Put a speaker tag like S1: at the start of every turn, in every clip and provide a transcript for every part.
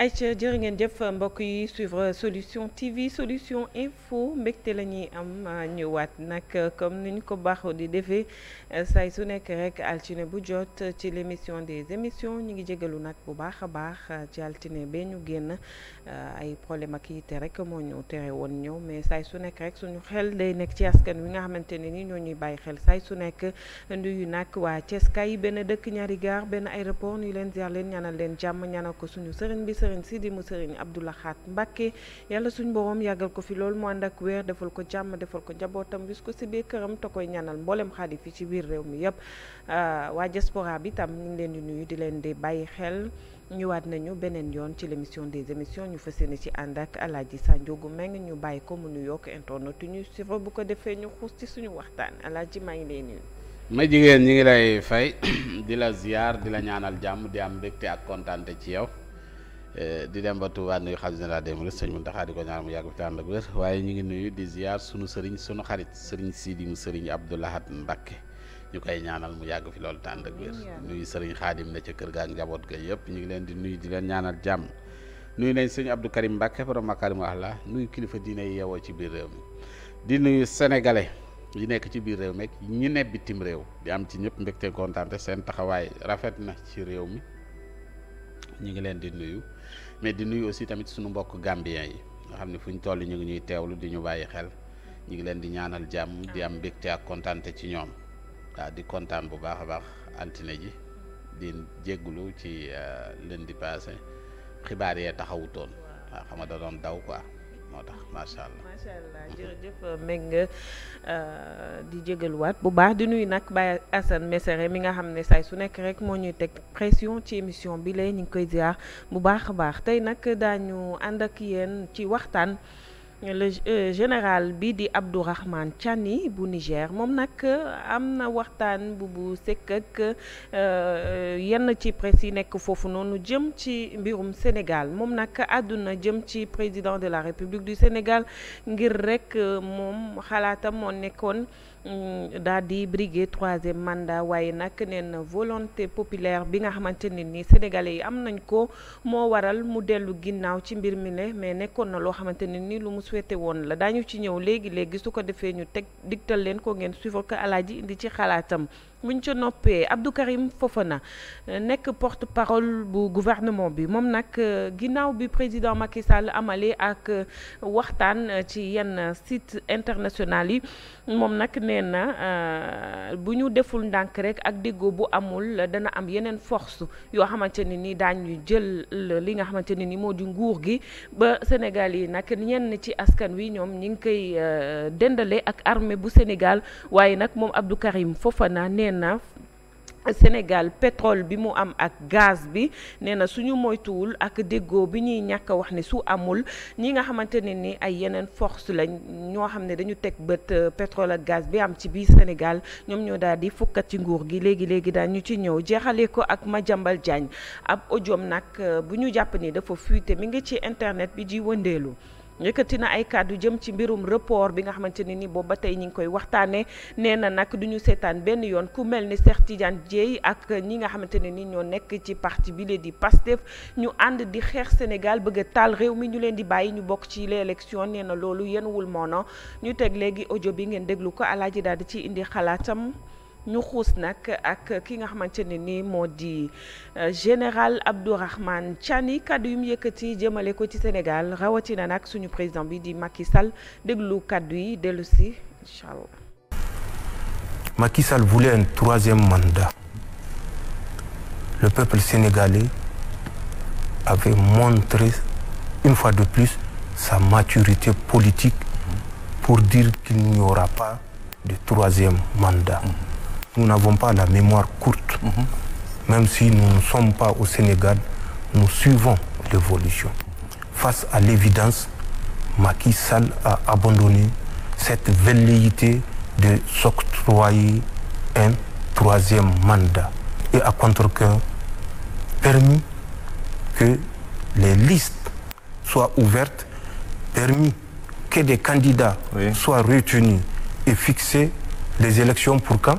S1: ayca jërë ngeen jëf mbokk yi suivre solution TV solution info mbégte la ñuy am ñëwaat nag comme ni ñu ko baaxoo di defee say su nekk rek altine bu jot ci l' émission des émissions ñu ngi jégalu nag bu baax a baax ci altine bee ñu génn ay problème ak yitte rek moo ñu tere woon ñëw mais say su nekk rek suñu xel day nekk ci askan wi nga xamante ne ni ñoo ñuy bàyyi xel say su nekk nuyu nag waa Cees kay benn dëkk ñaari gaar benn aéroport nuyu leen ziar leen ñaanal leen jàmm ñaanal ko suñu sëriñ si di mu sëriñ Abdou Lahad Mbacké yàlla suñ borom yàggal ko fi loolu mu ànd ak wér defal ko jàmm defal ko njabootam wis ko si biir këram te koy ñanal mboolem xaalif yi ci biir réew mi yëpp euh, waa diaspora bi tam ñu ngi leen di nuyu di leen di bàyyi xel ñëwaat nañu beneen yoon ci l' des émissions ñu fas yéene ci ànd ak Alaaji Sanjogu Meng ñu bàyyi ko mu nuyoo ak internet ñu si fa bu ko defee ñu xuus ci suñu waxtaan Alaaji maa ngi lay nuyu.
S2: ma jigéen ñi ngi lay fay di la ziar di la ñaanal jàmm di am mbégte ak kontaante ci yow. Eh, di dem ba Touba nuyu xam général des mourides sëñ Mountakha di ko ñaan mu yàgg fi ànd ak waaye ñu ngi nuyu di ziar sunu sëriñ sunu xarit sëriñ Sidi mu sëriñ Abdou Lahad Mbacké ñu koy ñaanal mu yàgg fi loolu tànd ak nuyu sëriñ xaadim na ca kër ga ak njaboot ga yëpp ñu ngi leen di nuyu di leen ñaanal jàmm nuyu nañ sëñ Abdou Karim Mbacké borom Makarimal Akhlaq nuyu kilifa diine yi yeewoo ci biir réew mi di nuyu sénégalais yi nekk ci biir réew mi ñi ne bitim réew di am ci ñëpp mbégte kontaan seen taxawaay rafet na ci réew mi ñu ngi leen di nuyu mais di nuyu aussi tamit suñu mbokk gambien yi nga xam ne fu ñu toll ñu ngi ñuy teewlu di ñu bàyyi xel ñu ngi leen di ñaanal jàmm di am mbégte ak kontaante ci ñoom waaw di kontaan bu baax a baax altine ji di jégglu ci euh, leen di passé xibaar yee taxawutoon waaw xam nga da doon daw ko moo tax macha allah macha
S1: allah jërëjëf meg nga euh, di jégaluwaat bu baax di nuyu nag Baye Assane Mesere mi nga xam ne saay su nekk rek moo ñuy teg pression ci émission bi lay ñu ngi koy diaar bu baax a baax tey nag daañu ànd ak yéen ci waxtaan. le euh, général bi di Abdourahmane Tiani bu Niger moom nag euh, am na waxtaan bu bu sekk ak euh, yenn ci presse yi nekk foofu noonu jëm ci mbirum Sénégal moom nag àdduna jëm ci président de la République du Sénégal ngir rek moom xalaatam moo nekkoon Mm, daal di briguer troisième mandat waaye nag neen volonté populaire bi nga xamante ne ni sénégalais yi am nañ ko moo waral mu dellu ginnaaw ci mbir mi ne mais nekkoon na loo xamante ne ni lu mu souhaité woon la daañu ci ñëw léegi léegi su ko defee ñu teg digtal leen ko ngeen suivre ko ji indi ci xalaatam. buñ ca noppee Abdou Karim na euh, nekk porte parole bu gouvernement bi moom nag euh, ginnaaw bi président Macky Sall amale ak euh, waxtaan ci yenn site international yi moom nag nee na bu ñu deful ndànk rek ak déggoo bu amul dana am yeneen force yoo xamante ne nii daañuy jël li nga xamante ne ni moo di nguur gi ba Sénégal yi nag ñenn ci askan wi ñoom ñi ngi koy dendale ak armée bu Sénégal waaye nag moom Abdou Karim Fofana nee nee na Sénégal pétrole bi mu am ak gaz bi nee na suñu moytuwul ak déggoo bi ñuy ñàkk wax ne su amul ñi nga xamante ne ni ay yeneen force lañ ñoo xam ne dañu teg bët euh, pétrole ak gaz bi am ci biir Sénégal ñoom ñoo daal di fukkat ci nguur gi léegi léegi daal ñu ci ñëw jeexalee ko ak Madiambal Diagne ab audiom nag euh, bu ñu jàpp ni dafa fuité mi ngi ci internet bi ji wëndeelu. yëkkati na ay kàddu jëm ci mbirum report bi nga xamante ne ni boobu ba tey ñi ngi koy waxtaanee nee na nag duñu seetaan benn yoon ku mel ni Cheikh Tidiane Dieye ak ñi nga xamante ne ni ñoo nekk ci parti bi leen di Pastef ñu ànd di xeex Sénégal bëgga a taal réew mi ñu leen di bàyyi ñu bokk ci les élections nee na loolu yenn wul moono ñu teg léegi ojo bi ngeen déglu ko alaaji daal di ci indi xalaatam ñu xuus nag ak ki nga xamante ne ni moo di euh, général Abdourahmane Tiani kàddu yu mu yëkkati jëmale ko ci Sénégal rawatina nag suñu président bi di Macky Sall déglu kàddu yi dellu si incha allah.
S3: Macky voulait un troisième mandat. Le peuple sénégalais avait montré une fois de plus sa maturité politique pour dire qu'il n'y aura pas de troisième mandat. nous n'avons pas la mémoire courte. Mm Même si nous ne sommes pas au Sénégal, nous suivons l'évolution. Face à l'évidence, Macky Sall a abandonné cette velléité de s'octroyer un troisième mandat et à contre-cœur permis que les listes soient ouvertes, permis que des candidats soient retenus et fixer les élections pour quand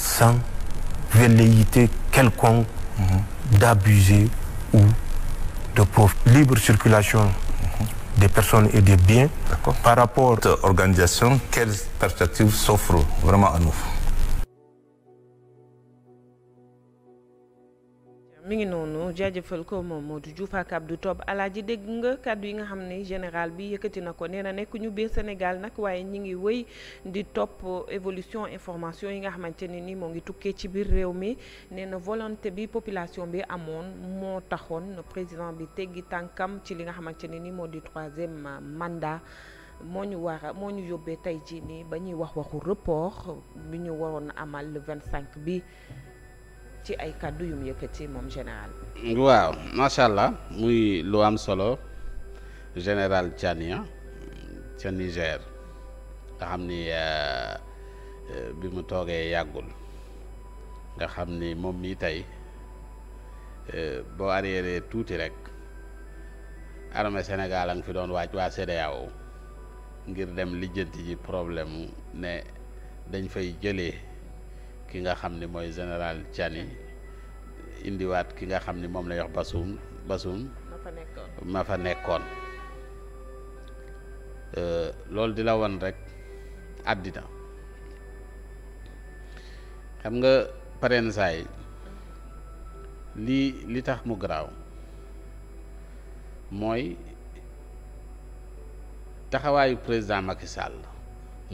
S3: sans velléité quelconque mm -hmm. d'abuser ou de profiter. Libre circulation mm des personnes et des biens. Par rapport à cette organisation, quelles perspectives s'offrent vraiment à nous
S1: ñëw jaajëfal ko moom moo Modou Diouf ak Abdou Top alaaji dégg nga kàddu yi nga xam ne général bi yëkkati na ko nee na nekk ñu biir Sénégal nag waaye ñi ngi wëy di topp évolution information yi nga xamante ne ni moo ngi tukkee ci biir réew mi nee na volonté bi population bi amoon moo taxoon président bi teggi tànkam ci li nga xamante ne ni moo di troisième mandat moo ñu war moo ñu yóbbee tey ci nii ba ñuy wax waxu report bi ñu waroon amal vingt cinq bi ci ay kàddu yu mu yëkkati moom général waaw
S2: macha allah muy lu am solo général Tiania ca Niger nga xam ni euh, euh, bi mu toogee yàggul nga xam ni moom mii tey euh, boo arriéré tuuti rek armée Sénégal a ngi fi doon waaj waa CEDEAO ngir dem lijjanti ji problème ne dañ fay jëlee ki nga xam ni mooy général Tiani indiwaat ki nga xam ni moom lay wax Basum Basum ma fa nekkoon euh, loolu di la won rek àddina xam nga parensaay lii li tax mu garaaw mooy taxawaayu président Macky Sall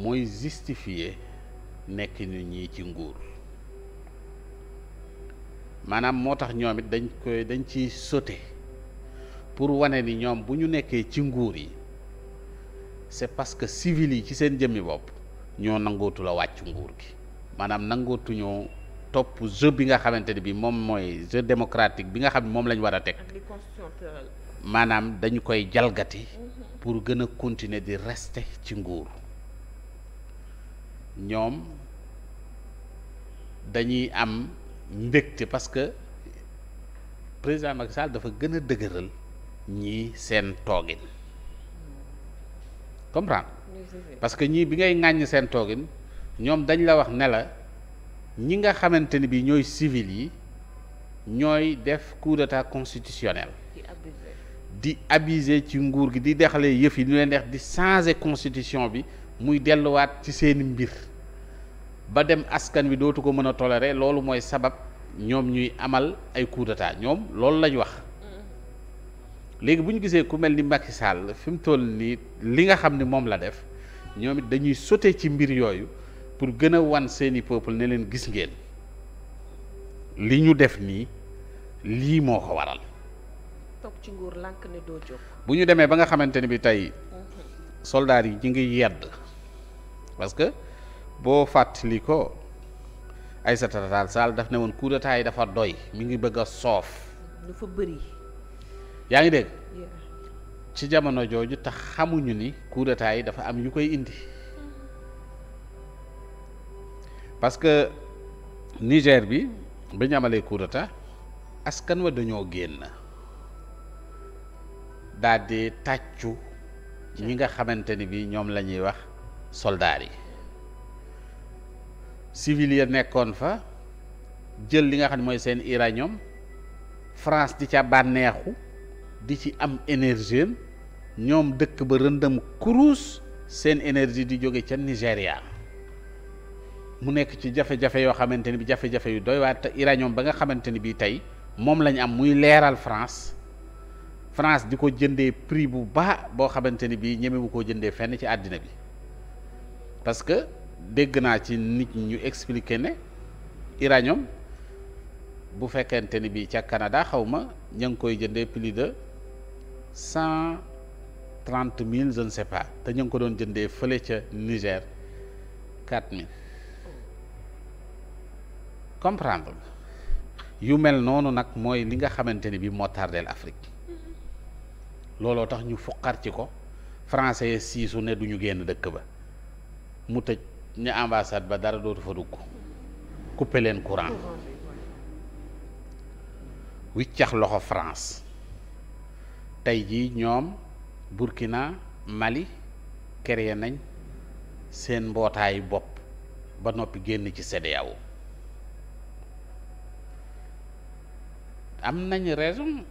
S2: mooy justifier nekk ni ñii ci nguur maanaam moo tax ñoom it dañ koy dañ ci sauter pour wane ni ñoom bu ñu nekkee ci nguur yi c'est parce que civil yi ci seen jëmmi bopp ñoo nangootu la wàcc nguur gi maanaam nangootuñoo topp jeu bi nga xamante ne bi moom mooy jeu démocratique bi nga xam moom lañ war a teg maanaam dañu koy jalgati
S3: mm-hmm.
S2: pour gën a continuer di reste ci nguur ñoom dañuy am mbégte parce que président Macky Sall dafa gën a dëgëral ñi seen toogin comprendre parce que ñii bi ngay ŋàññ seen toogin ñoom dañ la wax ne ñi nga xamante ni bi ñooy civil yi ñooy def coup d'état constitutionnel di abuser ci nguur gi di dexale yëf yi ñu leen dex di changer constitution bi muy delluwaat ci seeni mbir ba dem askan wi dootu ko mën a toléré loolu mooy sabab ñoom ñuy amal ay coup ñoom loolu lañ wax mm. léegi bu ñu gisee ku mel ni Macky Sall fi mu toll nii li nga xam ni moom la def ñoom it dañuy sauter ci mbir yooyu pour gën a wan seeni peuple ne leen gis ngeen li ñu def nii lii moo ko waral.
S1: toog ci nguur lànk ne
S2: bu ñu demee ba nga xamante ni bi tey
S1: mm-hmm.
S2: soldaar yi ñu ngi yedd. parce que boo fàttali ko ay Tall Sall daf ne woon coup yi dafa doy mi ngi bëgg a soof. dafa bëri. yaa ngi dégg. ci jamono jooju tax xamuñu ni coup yi dafa am yu koy indi parce que Niger bi bi ñu amalee coup askan wa dañoo génn daal tàccu ñi nga xamante ni bi ñoom la ñuy wax. soldaar yi civil ya nekkoon fa jël li nga xam ne mooy seen uranium France di ca bànneexu di ci am énergie ñoom dëkk ba rëndam kurus seen énergie di jóge ca Nigéria mu nekk ci jafe-jafe yoo xamante ni bi jafe-jafe yu doy waat te uranium ba nga xamante ni bi tey moom lañ am muy leeral France France di ko jëndee prix bu baax boo xamante ni bii ñemewu koo jëndee fenn ci àddina bi parce que dégg naa ci nit ñu expliquer ne uranium bu fekkente ni bii ca Canada xaw ma ña ngi koy jëndee plus de cent trente mille je ne pas te ñu ngi ko doon jëndee fële ca Niger quatre mille yu mel noonu nag mooy li nga xamante ni bii moo tardeel Afrique mm-hmm. looloo tax ñu fuqar ci ko français siisu ne duñu génn dëkk ba. mu tëj ñu ambassade ba dara dootu fa dugg kuppe leen courant wiccax loxo France tey jii ñoom Burkina Mali créé nañ seen mbootaayu bopp ba noppi génn ci CEDEAO am nañ raison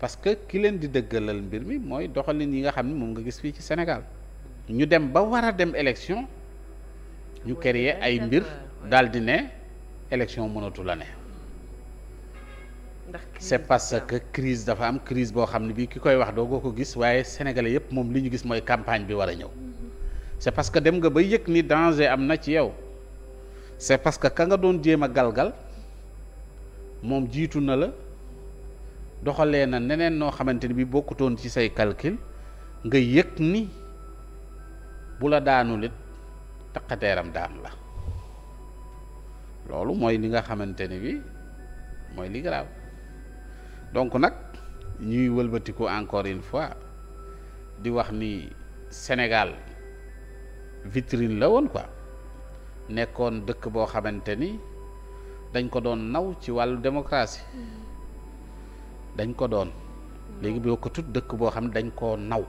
S2: parce que ki leen di dëggalal mbir mi mooy doxalin yi nga xam ne moom nga gis fii ci Sénégal ñu dem ba war a dem élection ñu créer ay mbir daal di ne élection mënatu la ne c'est parce que crise dafa am crise boo xam ne bii ki koy wax doo ko gis waaye sénégalais yëpp moom li ñu gis mooy campagne bi war a ñëw mm-hmm. c'est parce que dem nga ba yëg ni danger am na ci yow c'est parce que ka nga doon jéem a galgal moom jiitu na la doxalee na neneen noo xamante ne bi bokkutoon ci say calcul nga yëg ni bu la daanu it taqateeram daan la loolu mooy li nga xamante ni bi mooy li garaaw donc nag ñuy wëlbatiku encore une fois di wax ni Sénégal vitrine la woon quoi nekkoon dëkk boo xamante ni dañ ko doon naw ci wàllu démocratie mm. dañ ko doon léegi boo ko tut dëkk boo xam ne dañ koo naw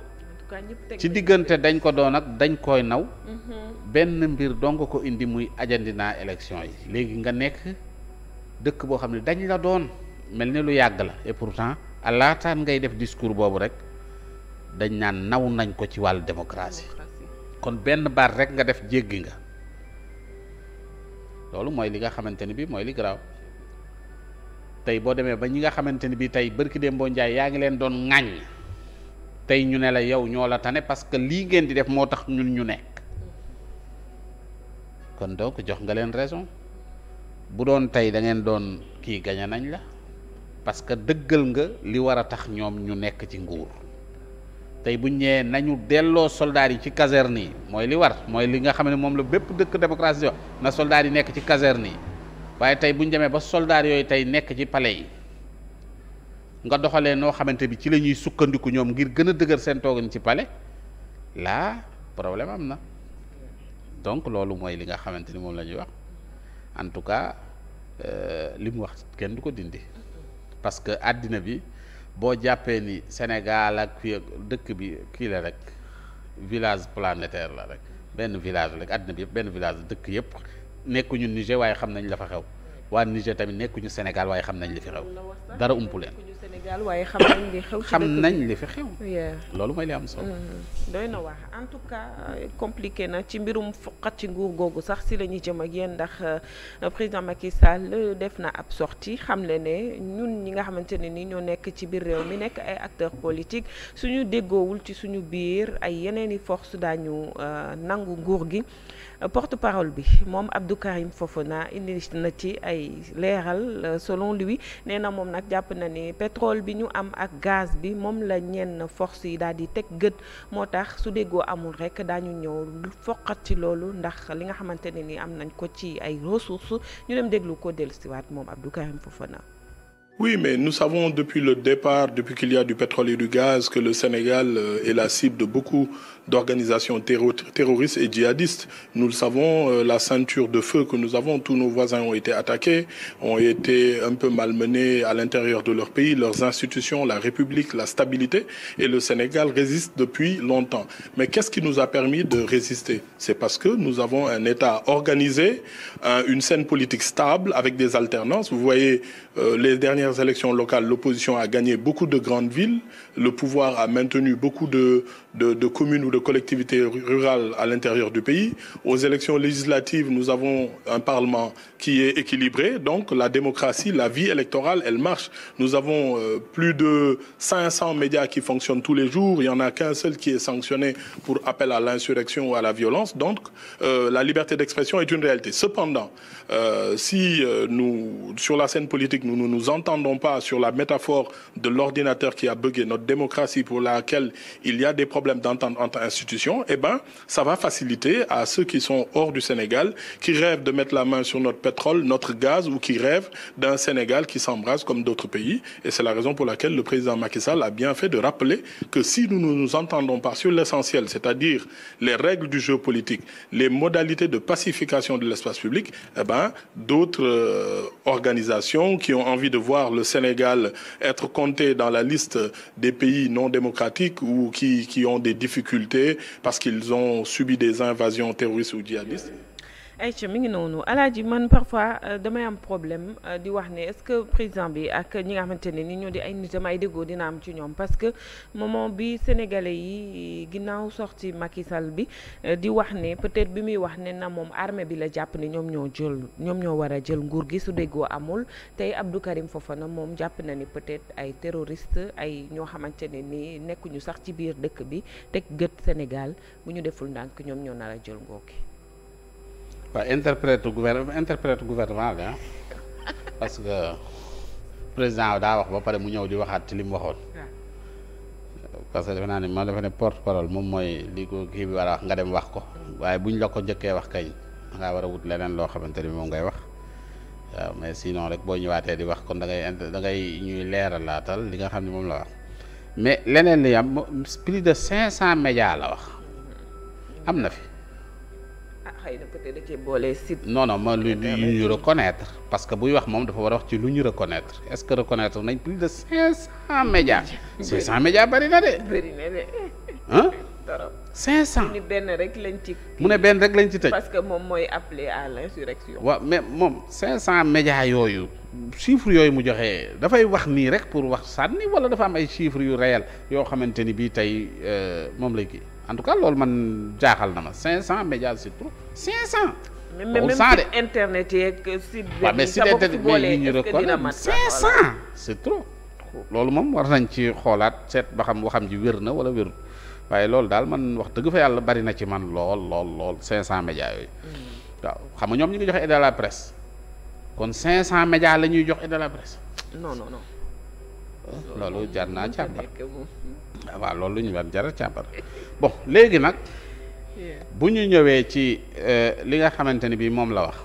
S2: ci diggante dañ ko doon ak dañ koy naw mhm. benn mbir dong ko indi muy ajandinaa élection yi léegi nga nekk dëkk boo xam ne dañ la doon mel ni lu yàgg la et pourtant à laataan ngay def discours boobu rek dañ naan naw nañ ko ci wàllu démocratie kon benn baat rek nga def jéggi nga loolu mooy li nga xamante ni bi mooy li garaaw tey boo demee ba ñi nga xamante ni bi tey bërki démboo njaay yaa ngi leen doon ŋàññ tey ñu ne la yow ñoo la tane parce que lii ngeen di def moo tax ñun ñu nekk kon donc jox nga leen raison bu doon tey da ngeen doon kii gañe nañ la parce que dëggal nga li war a tax ñoom ñu nekk ci nguur tey bu ñëwee nañu delloo soldats yi ci caserne yi mooy li war mooy li nga xam ne moom la bépp dëkk démocratie na soldats yi nekk ci caserne yi waaye tey bu ñu ba soldats yooyu tey nekk ci palais yi. nga doxalee noo xamante bi ci la ñuy sukkandiku ñoom ngir gën a dëgër seen toogin ci palais là problème am na donc loolu mooy li nga xamante ni moom lañuy wax en tout cas euh, li mu wax kenn du ko dindi parce que àddina bi boo jàppee ni Sénégal ak fii dëkk bi kii la rek village planétaire la rek benn village rek àddina bi yëpp benn village dëkk yëpp nekkuñu Niger waaye xam nañ la fa xew waa Niger tamit nekkuñu Sénégal waaye xam nañ li fi xew dara umpu leen
S1: Sénégal waaye xam nañ li xew. xam nañ
S2: li fi xew. loolu mooy li am solo. Mm.
S1: doy na wax en tout cas euh, compliqué na ci mbirum foqat ci nguur googu sax si lañuy ñuy jëm ak yéen ndax euh, président Macky Sall def na ab sortie xam le ne ñun ñi nga xamante ne ni ñoo nekk ci biir réew mi nekk ay acteurs politiques suñu déggoowul ci suñu biir ay yeneen i force daañu euh, nangu nguur gi porte parole bi moom Abdou Karim Fofana indi na ci ay leeral selon lui nee moom nag jàpp na ni pétrole xool bi ñu am ak gaz bi moom la ñenn force yi daal di teg gët moo tax su déggoo amul rek daañu ñëw foqat ci loolu ndax li nga xamante ne ni am nañ ko ci ay ressources ñu dem déglu ko dellusiwaat moom Abdou Karim Fofana.
S4: Oui, mais nous savons depuis le départ, depuis qu'il y a du pétrole et du gaz, que le Sénégal euh, est la cible de beaucoup d'organisations terroristes et djihadistes. Nous le savons, euh, la ceinture de feu que nous avons, tous nos voisins ont été attaqués, ont été un peu malmenés à l'intérieur de leur pays, leurs institutions, la République, la stabilité, et le Sénégal résiste depuis longtemps. Mais qu'est-ce qui nous a permis de résister C'est parce que nous avons un État organisé, une scène politique stable avec des alternances. Vous voyez, euh, les dernières élections locales, l'opposition a gagné beaucoup de grandes villes, le pouvoir a maintenu beaucoup de, de, de communes ou de collectivités rurales à l'intérieur du pays. Aux élections législatives, nous avons un Parlement qui est équilibré. Donc la démocratie, la vie électorale, elle marche. Nous avons euh, plus de 500 médias qui fonctionnent tous les jours. Il n'y en a qu'un seul qui est sanctionné pour appel à l'insurrection ou à la violence. Donc euh, la liberté d'expression est une réalité. Cependant, euh, si euh, nous, sur la scène politique, nous ne nous, nous, entendons pas sur la métaphore de l'ordinateur qui a bugué notre démocratie pour laquelle il y a des problèmes d'entente entre institutions, eh ben, ça va faciliter à ceux qui sont hors du Sénégal, qui rêvent de mettre la main sur notre pétrole, notre gaz ou qui rêvent d'un Sénégal qui s'embrase comme d'autres pays. Et c'est la raison pour laquelle le président Macky Sall a bien fait de rappeler que si nous ne nous entendons pas sur l'essentiel, c'est-à-dire les règles du jeu politique, les modalités de pacification de l'espace public, eh ben, d'autres euh, organisations qui ont envie de voir le Sénégal être compté dans la liste des pays non démocratiques ou qui, qui ont des difficultés parce qu'ils ont subi des invasions terroristes ou djihadistes.
S1: ay Aïcha mi ngi noonu ji man parfois euh, damay am problème euh, di wax ne est-ce que président bi ak ñi nga xamante ne ni ñoo di ay nitam ay déggoo dina am ci ñoom parce que moment bi sénégalais yi ginnaaw sorti Macky Sall bi euh, di wax ne peut-être bi muy wax ne na moom armée bi la jàpp ne ñoom ñoo jël ñoom ñoo war a jël nguur gi su déggoo amul tey Abdou foofa Fofana moom jàpp na ni peut-être ay terroriste ay ñoo xamante ne nii nekkuñu sax ci biir dëkk bi teg gët Sénégal bu ñu deful ndànk ñoom ñoo nar a jël nguur gi
S2: waaw interprète gouvernement interprète gouvernement bi parce que président daa wax ba pare mu ñëw di waxaat ci li mu waxoon. parce que defe naa ne ma defe ne porte parole moom mooy li ko kii bi war a wax nga dem wax ko waaye buñ la ko njëkkee wax kañ ngaa war a wut leneen loo xamante ni moom ngay wax waaw mais sinon rek boo ñëwaatee di wax kon da ngay da ngay ñuy leeralaatal li nga xam ne moom la wax mais leneen li am pris de cinq cent médias la wax am na fi. xëy na peut-être da boole site. non ma lu ñu reconnaître parce que buy wax moom dafa war a wax ci lu ñu reconnaître est-ce que reconnaître nañ plus de cinq cent médias. cinq cent média bari na de. bëri
S1: cent mu ne benn rek lañ ci. mu ne
S2: benn rek lañ ci tëj. parce
S1: que moom mooy appelé à l'insurrection. waaw
S2: mais moom cinq cent médias yooyu chiffres yooyu mu joxe dafay wax nii rek pour wax sànni wala dafa am ay chiffres yu réel yoo xamante ni bii tey euh, moom lay kii. en tout cas loolu man jaaxal na ma 500 médias c'est trop
S1: 500. même même site internet yeeg site. waaw mais site internet mais ñu reconnaître
S2: trop. loolu moom war nañ ci xoolaat seet ba xam waxam ji wér na wala wérul waaye loolu daal man wax dëgg fa yàlla bari na ci man lool lool lool 500 médias yooyu. Hmm. waaw xam ñoom ñu ngi joxe aide à la presse kon 500 médias la ñuy jox aide à la presse. loolu jar naa càmbar waaw loolu lu ñu war jar a càmbar bon léegi nag bu ñu ñëwee ci euh, li nga xamante ni bii moom la wax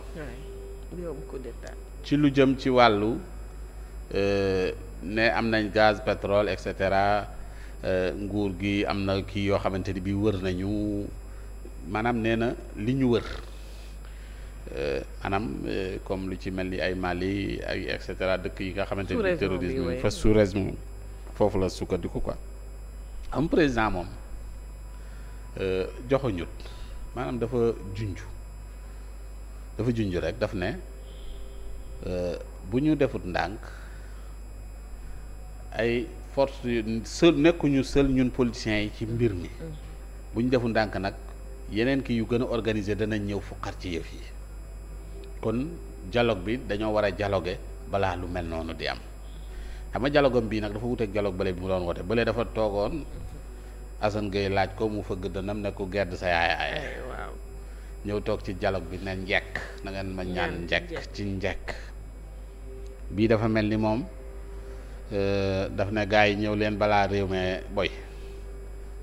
S2: ci lu jëm ci wàllu euh, ne am nañ gaz pétrole et cetera euh, nguur gi am na kii yoo xamante ni bii wër nañu maanaam nee na li ñu wër maanaam euh, euh, comme lu ci mel ni ay Mali ay et cetera dëkk yi nga xamante ni terrorisme fa sous-région foofu la sukkandiku quoi am président moom euh, joxuñut maanaam dafa junj dafa junj rek daf ne bu ñu defut ndànk ay force seul nekkuñu seul ñun politiciens yi ci mbir mi mm. bu ñu defut ndànk nag yeneen ki yu gën a organisé danañ ñëw fuqar ci yëf yi kon dialogue bi dañoo war a dialoguer balaa lu mel noonu di am xam nga dialogue bii nag dafa wuteeg dialogue bële bi mu doon woote bële dafa toogoon Assane Gueye laaj ko mu fëgg dënam ne ku gedd sa yaay ñëw toog ci dialogue bi ne njekk na ngeen ma ñaan njekk ci njekk bii dafa mel ni moom euh, daf ne gars yi ñëw leen balaa réew mi boy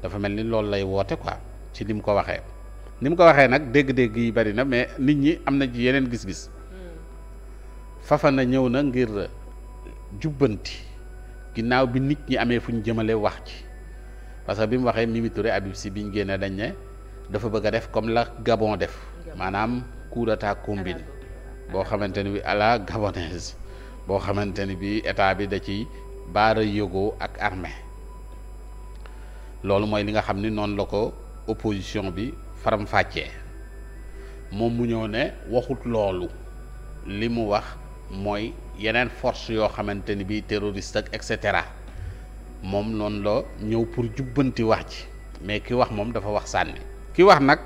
S2: dafa mel ni loolu lay woote ko ci ni mu ko waxee ni mu ko waxee nag dégg-dégg yi bari na mais nit ñi am na ci yeneen gis-gis hmm. Fafana ñëw na ngir jubbanti ginnaaw bi nit ñi amee fu ñu jëmale wax ci parce que bi mu waxee Mimi Touré Habib Sy bi ñu génnee dañ ne dafa bëgg a def comme la Gabon def maanaam coup d'état boo xamante ni bi à la boo xamante ni bi état bi da ci baara yogoo ak armée loolu mooy li nga xam ni noonu la ko opposition bi faram fàccee moom mu ñëw ne waxut loolu li mu wax mooy yeneen force yoo xamante ni bii terroriste ak et cetera moom noonu loo ñëw pour jubbanti wax ji mais ki wax moom dafa wax sànni ki wax nag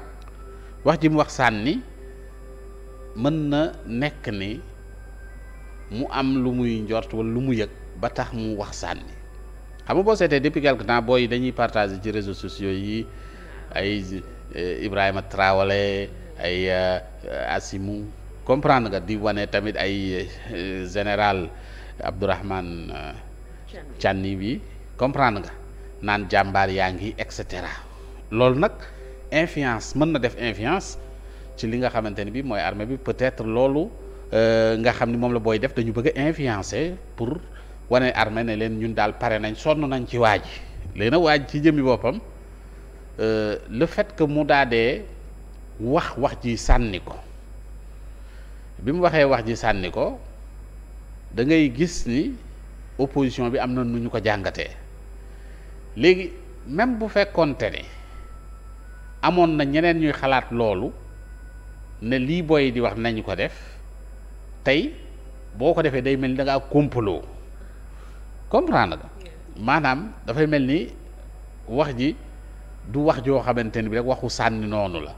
S2: wax ji mu wax sànni mën na nekk ni mu am lu muy njort wala lu mu yëg ba tax mu wax sànni xam nga boo seetee depuis quelque temps booy dañuy partager ci réseaux sociaux yi ay Eh, Ibrahima trawale ay eh, Asimu comprendre nga di wane tamit ay eh, général Abdourahmane Tiani bi comprendre nga naan jàmbaar yaa ngi et cetera loolu nag influence mën na def influence ci li nga xamante ni bi mooy armée bi peut-être loolu nga xam ni moom la booy def dañu bëgg a pour wane armée ne leen ñun daal pare nañ sonn nañ ci waaj léegi nag waaj ci jëmmi boppam Euh, le fait que mu daadee wax wax ji sànni ko bi mu waxee wax ji sànni ko da ngay gis ni opposition bi am na nu ñu ko jàngatee léegi même bu fekkoonte ne amoon na ñeneen ñuy xalaat loolu ne lii booy di wax nañ ko def tey boo ko defee day mel ni da ngaa complot comprendre maanaam dafay mel ni wax ji du wax joo xamante ni bi rek waxu sànni noonu la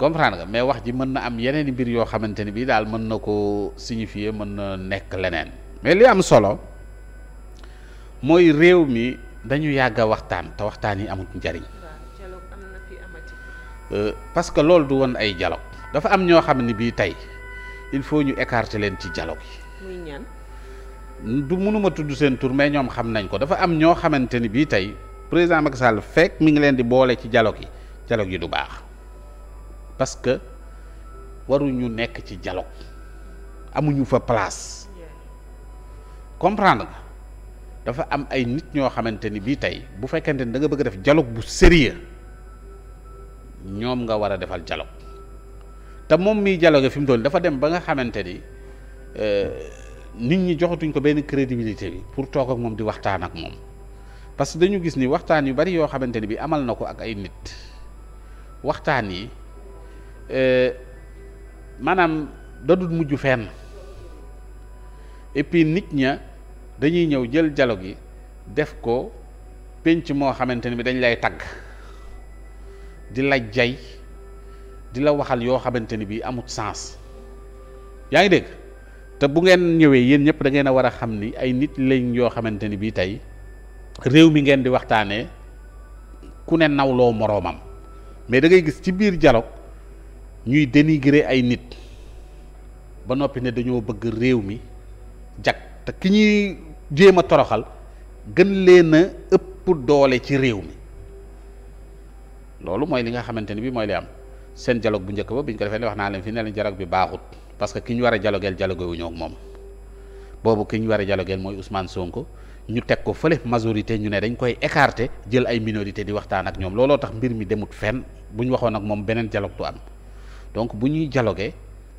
S2: comprendre mais wax ji mën na am yeneen i mbir yoo xamante ni bii daal mën na ko signifier mën na nekk leneen mais li am solo mooy réew mi dañu yàgg waxtaan te waxtaan yi amul njariñ euh, parce que loolu du woon ay dialogue dafa am ñoo xam ne bii tey il faut ñu écarter leen ci dialogue yi du munuma tudd seen tur mais ñoom xam nañ ko dafa am ñoo xamante ni bii tey président Macky Sall fekk mu ngi leen di boole ci dialogue yi dialogue yi du baax parce que waruñu nekk ci dialogue amuñu fa place comprendre nga dafa am ay nit ñoo xamante ni bii tey bu fekkente ni da nga bëgg def dialogue bu sérieux ñoom nga war a defal dialogue te moom mii dialogue fi mu toll dafa dem ba nga xamante ni euh, nit ñi joxatuñ ko benn crédibilité bi pour toog ak moom di waxtaan ak moom. parce que dañu gis ni waxtaan yu bari yoo xamante ni bi amal na ko ak ay nit waxtaan yi euh, maanaam dadul mujj fenn et puis nit ña dañuy ñëw jël jalo gi def ko pénc moo xamante ni bi dañ lay tagg di la jay di la waxal yoo xamante ni bi amut sens yaa ngi dégg te bu ngeen ñëwee yéen ñëpp da a war a xam ni ay nit lañ yoo xamante ni bi tey réew mi ngeen di waxtaanee ku ne nawloo moroomam mais da ngay gis ci biir dialogue ñuy dénigrer ay nit ba noppi ne dañoo bëgg réew mi jag te ki ñuy jéem a toroxal gën leen a ëpp doole ci réew mi loolu mooy li nga xamante ni bi mooy li am seen dialogue bu njëkk ba bi ñu ko defee ne wax naa leen fi ne leen dialogue bi baaxut parce que ki ñu war a dialogueel dialogué ñoo ak moom boobu ki ñu war a dialoguer mooy Ousmane Sonko ñu teg ko fële majorité ñu ne dañ koy écarter jël ay minorité di waxtaan ak ñoom looloo tax mbir mi demut fenn bu ñu waxoon ak moom beneen dialogue du am donc bu ñuy dialoguer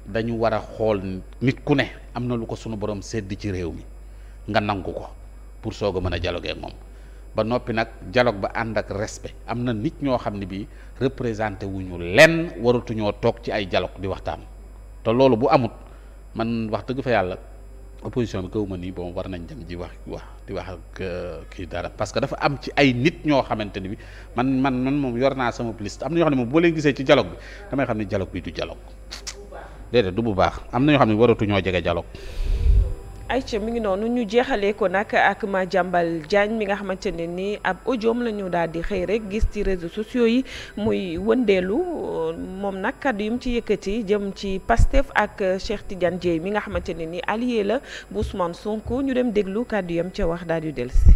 S2: dañu war a xool nit ku ne am na lu ko sunu borom sedd ci réew mi nga nangu ko pour soog a mën a dialoguer ak moom ba noppi nag dialogue ba ànd ak respe am na nit ñoo xam ne bii représenté wu ñu lenn waratuñoo toog ci ay dialogue di waxtaan te loolu bu wax dëgg fa yàlla. opposition bi gëwuma nii bon war nañ dem di wax wax di wax ak euh, kii dara parce que dafa am ci ay nit ñoo xamante ni bi man man man moom yor naa sama liste am na ñoo xam ne moom boo leen gisee ci dialogue bi damay xam ne dialogue bi du dialogue déedéet du bu baax am na ñoo xam ne waratu ñoo jege dialogue
S1: ay ayca mi ngi noonu ñu jeexalee ko nag ak jàmbal Diagne mi nga xamante ne ni ab audioom la ñu daal di xëy rek gis ci réseaux sociaux yi muy wëndeelu moom nag kàddu yum ci yëkkati jëm ci Pastef ak Cheikh Tidiane Dièye mi nga xamante ne ni allié la bu Ousmane Sonko ñu dem déglu kàddu yam ca wax daal di dellusi.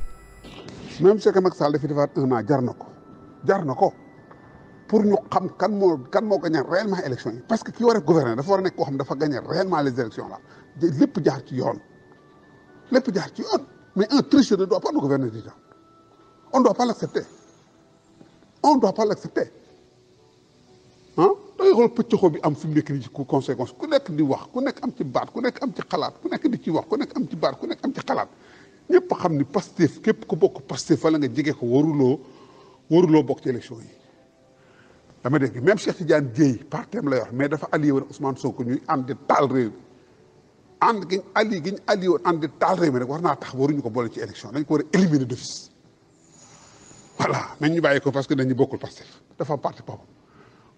S5: même Cheikh Macky Sall dafi defaat un an jar na ko jar na ko pour ñu xam kan moo kan moo gagné réellement élection yi parce que ki war a gouverner dafa war a nekk lépp jaar ci yoon. lépp jaar ci yoon mais un tricheur ne doit pas nous gouverner du gens on ne doit pas l'accepter on ne doit pas ah da ngay xool pëccaxoo bi am fi mu nekk nii ci conséquence ku nekk di wax ku nekk am ci baat ku nekk am ci xalaat ku nekk di ci wax ku nekk am ci baat ku nekk am ci xalaat ñëpp xam ni Pastef képp ku bokk fa wala nga jege ko waruloo waruloo bokk ci élection yi dama dégg même Cheikh Tidiane Dièye partem la yor mais dafa allié woon Ousmane Sonko ñuy ànd taal ànd giñ alli giñ alli woon ànd taal réew mi rek war naa tax war waruñu ko boole ci élection dañ ko war a éliminer d'office voilà nañ ñu bàyyi ko parce que dañu bokkul Pastef dafa parti boobu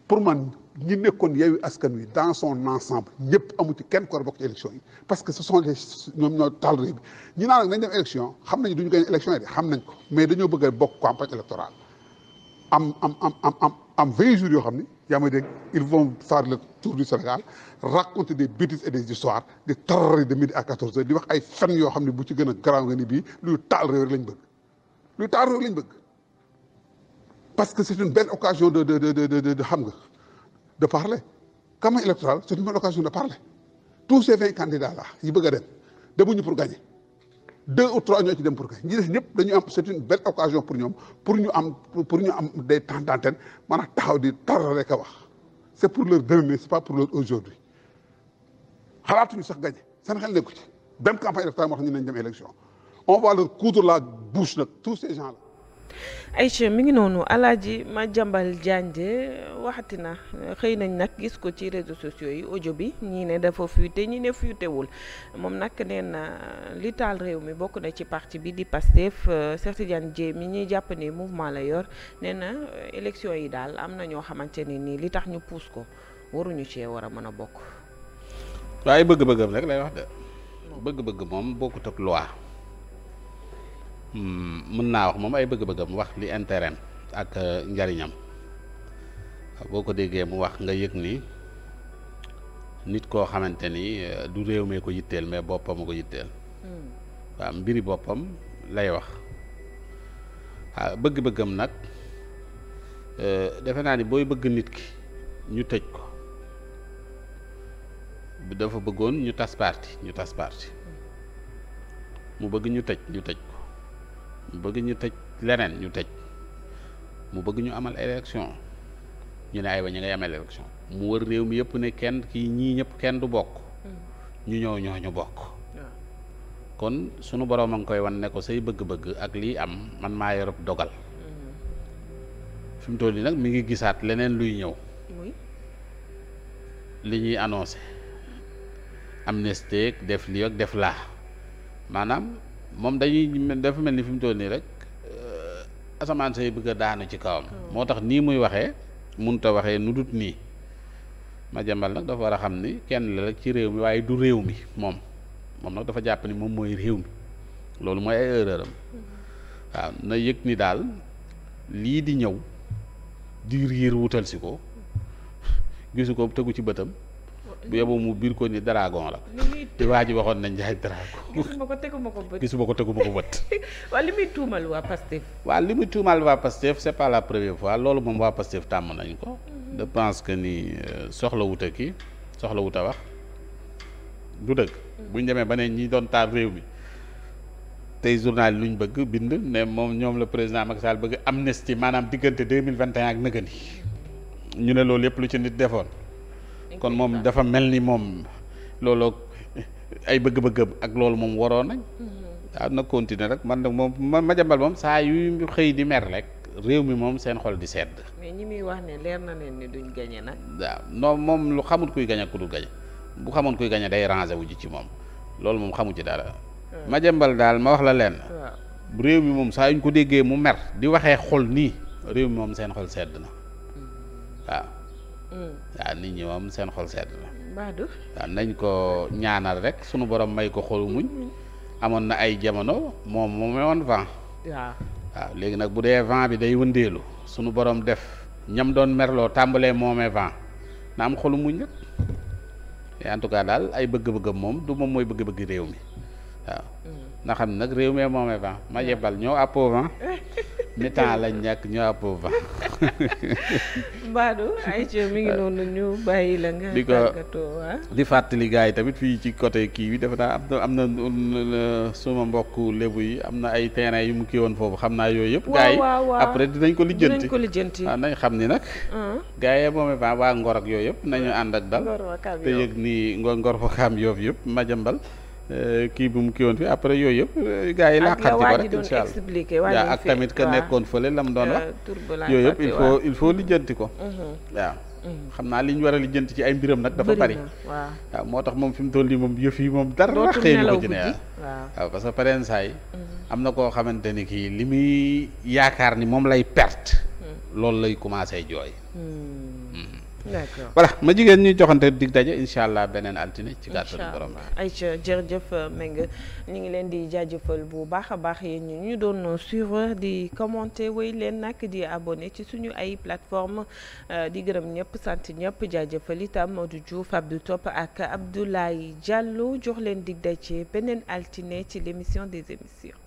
S5: pour man ñi nekkoon Yewwi Askan Wi dans son ensemble ñëpp amu ci kenn ko war a bokk ci élection yi parce que ce sont ñoom ñoo taal réew ñi naa nag nañ dem élection xam nañ duñu gañ élection yi de xam nañ ko mais dañoo bëgg a bokk campagne électorale am am am am am am vingt jours yoo xam ni yaa may dégg ils vont faire le tour du Sénégal raconter des bêtises et des histoires di tarari de midi à quatorze heures di wax ay fen yoo xam ne bu ci gën a garaaw nga ni bii luy taal réew lañ bëgg luy taal réew lañ bëgg parce que c' est une belle occasion de de de de xam nga de parler campagne électorale c' est une belle occasion de parler tous ces vingt candidats là yi bëgg a dem demuñu pour gagner deux ou trois ñoo ci dem pour que ñi des ñëpp dañu am c'est une belle occasion pour ñoom pour ñu am pour ñu am des temps taxaw di tar rek wax c'est pour leur dernier c'est pas pour leur aujourd'hui xalaatuñu sax gañe seen xel nekku ci dem campagne électorale moo tax ñu nañ dem élection on va leur coudre la bouche nag tous ces gens
S1: ay Aïcha mi ngi noonu ji Alaaji Madiambal Diagne waxati na xëy nañ nag gis ko ci réseaux sociaux yi ojo bi ñii ne dafa fuité ñii ne fuitéwul moom nag nee na li taal réew mi bokk na ci parti bi di Pastef euh, Cheikh Tidiane Dièye mi ñuy jàpp ni mouvement la yor nee na élection yi daal am na ñoo xamante ni nii li tax ñu puus ko waruñu cee war a mën a bokk.
S2: waaye bëgg-bëggam rek lay wax de. bëgg-bëgg moom bokkut ak loi. Hmm, mën naa wax moom ay bëgg-bëggam wax li intérêt ak euh, njariñam boo ko déggee mu wax nga yëg ni nit koo xamante ni euh, du réew mee ko yitteel mais boppam a ko yitteel hmm. waaw mbiri boppam lay wax waaw bëgg-bëggam nag euh, defe naa ni booy bëgg nit ki ñu tëj ko bu dafa bëggoon ñu tas ñu tas hmm. mu bëgg ñu tëj ñu tëj ko mu bëgg ñu tëj leneen ñu tëj mu bëgg ñu amal élection ñu ne aywa ñu ngay amal élection mu wër réew mi yëpp ne kenn ki ñii ñëpp kenn du bokk mm. ñu ñëw ñoo ñu bokk kon sunu borom a ngi koy wan ne ko say bëgg-bëgg ak lii am man maa yorob dogal mm. fi mu toll nii nag mi ngi gisaat leneen luy ñëw li ñuy annoncé amnistie def lii ak def laa maanaam moom dañuy dafa mel ni fi mu toll nii rek euh, asamaan say bëgg a daanu ci kawam. moo tax nii muy waxee mënut a waxee nu dut nii ma jambal nag dafa war a xam ni kenn la rek ci réew mi waaye du réew mi moom moom nag dafa jàpp ni moom mooy réew loolu mooy ay erreur mm-hmm. waaw na yëg ni daal lii di ñëw di riir wutal si ko mm-hmm. gisu ko tegu ci bëtam. bu yeboo mu biir ko ni dragon la te waa ji waxoon na njaay dragon
S1: gisuma ko teguma ko bët gisuma ko teguma ko bët waa li muy tuumal waa Pastef
S2: waa li muy tuumal waa Pastef c'est pas la première fois loolu moom waa Pastef tàmm nañ ko mhm. je pense que nii euh, soxla wut a kii soxla wuta a wax du dëgg mhm. buñ demee ba ne ñi doon taal réew mi tey journal luñ bëgg bind ne moom ñoom la président Macky Sall bëgg amnistie maanaam diggante deux mille vingt et ak nëgëni mhm. ñu ne loolu yëpp lu ci nit defoon kon moom dafa mel ni moom looloo ay bëgg-bëggam ak loolu moom waroon nañ. waaw mm-hmm. na continuer rek man nag moom ma ma jàmbal moom saa yu xëy di mer rek réew mi moom seen xol di sedd.
S1: mais wax ne leer na leen ni duñ gañe nag.
S2: waaw non moom lu xamul kuy gañe ku du gañe bu xamoon kuy gañe day rangé wu ji ci moom loolu moom xamu ci dara. Mm. ma jàmbal daal ma wax la leen. réew mi moom saa yu ko déggee mu mer di waxee xol nii réew mi moom seen xol sedd na mm-hmm. waaw. waaw nit ñi moom seen xol sedd na. waaw nañ ko ñaanal rek suñu borom may ko xolu muñ. amoon na ay jamono moom moo mewoon vent. waaw waaw léegi nag bu dee vent bi day wëndeelu suñu boroom def ñam doon merloo tàmbalee moome vent na am xolu muñ rek en tout cas daal ay bëgg bëgg moom du moom mooy bëgg-bëgg réew mi waaw. Mm. na xam nag réew mi moomee vent ma yebbal ñëw àppoo vent. ni temps lañ ñàkk ñu à pouvoir.
S1: Mbadou ayca mi ngi euh, noonu ñu bàyyi la nga. di ko ah.
S2: di fàttali gars yi tamit fii ci côté kii bi dafa naa am na am suma mbokk lébu yi am na ay terrain yu mu kii woon foofu xam naa yooyu yëpp. gars après dinañ ko lijjanti dinañ ko lijjanti. waaw ah, nañ xam ni nag. Ah. gars yi moom itam waa Ngor ak yooyu yëpp nañu ànd ak dal. te yëg ni Ngor Ngor fa xam yooyu yëpp Madiambal Euh, kii bu mu kii woon fi après yooyu yëpp euh, gars yi laaxat ci ko rek incha allah yaa ak tamit ka nekkoon fële la mu doon euh, wax yooyu yëpp il faut il faut lijjanti ko mhm. waaw mhm. xam naa li ñu war a lijjanti ci ay mbiram nag dafa bari waaw moo tax moom fi mu toll nii moom yëf yi moom dara xëy na ko ci ne waaw parce que pareen saa yi mhm. am na koo xamante ni kii li muy yaakaar ni moom lay perte loolu lay commencé jooy d'accord voilà ma jigéen ñu joxante dig daje incha allah beneen altine ci gàttalu borom
S1: ay ca jërëjëf euh, Mbengue ñu ngi leen di jaajëfal bu baax a baax yéen ñu ñu doon suivre di commenter woy leen nag di abone ci suñu ay plateforme euh, di gërëm ñëpp sant ñëpp jaajëfal itam Modou Diouf Abdou topp ak Abdoulaye Diallo jox leen dig daje beneen altine ci l'émission des émissions